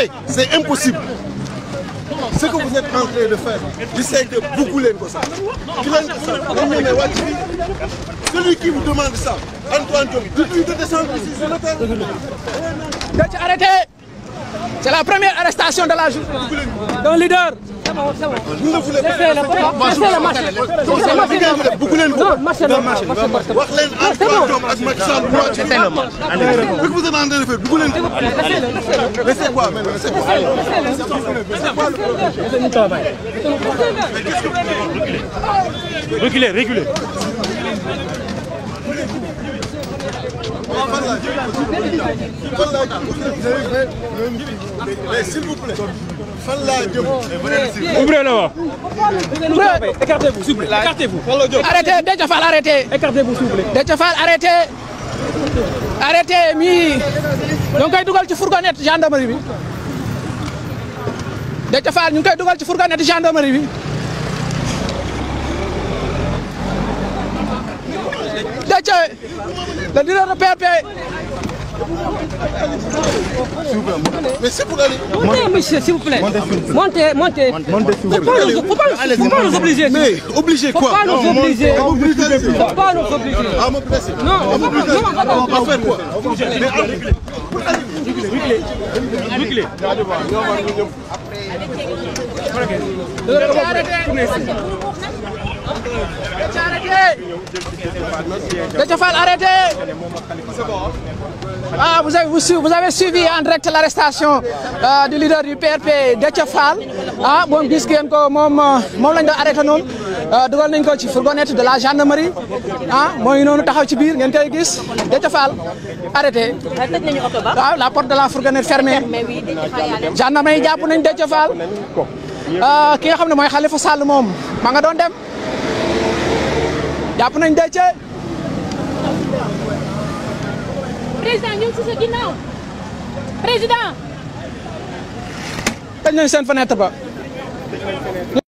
tey c'est impossible ce que vous êtes en train de faire je sais que bëggu leen ko sax ki leen ko sax dañ leen ne wàcc bi celui qui vous demande ça Antoine Diome depuis le terrain ci la première arrestation de la journée d'un leader marché la marché wax leen en tant ak Macky Sall moi c'est tellement allez vous vous demandez de faire dugg leen mais c'est quoi mais c'est quoi c'est quoi le projet mais qu'est-ce que vous voulez reculer reculer reculer fan laa jëm mais s'il vous plaît fan laa jëm. ouvrez le wax. écartez-vous s'il vous plaît écartez-vous. arrêtez Déthié Fall arrêtez. écartez-vous s'il vous plaît. mi ñoo ngi koy dugal ci fourgonnette gendarmerie bi. Déthié Fall ñu ngi koy ci fourgonnette gendarmerie bi. Déthié. Le leader de PRP. S'il vous plaît, mais c'est pour aller. Montez, monsieur, s'il vous plaît. Montez, montez. Montez, s'il vous plaît. Faut pas, faut pas, faut pas nous obliger. Mais obliger quoi Faut pas nous obliger. Faut pas nous obliger. Ah, mon blessé. Non, on va pas. Non, on va faire quoi Reculez. Reculez. Reculez. Déthié Fall arrêté ah vous avez vous, vous avez suivi en direct l'arrestation euh, du leader du PRP Déthié Fall ah moom gis ngeen ko moom moom lañ doon arrêté noonu euh, dugal nañ ko ci fourgonnette de la gendarmerie ah mooy noonu taxaw ci biir ngeen koy gis Déthié Fall arrêté waaw ah, la porte de la fourgonnette fermée gendarmerie jàpp nañ Déthié Fall euh, ki nga xam ne mooy Khalifa Sall moom ma nga dem jàpp nañ Déthié. président ñu ngi si sa ginnaaw président. tëj nañ seen fenêtre ba.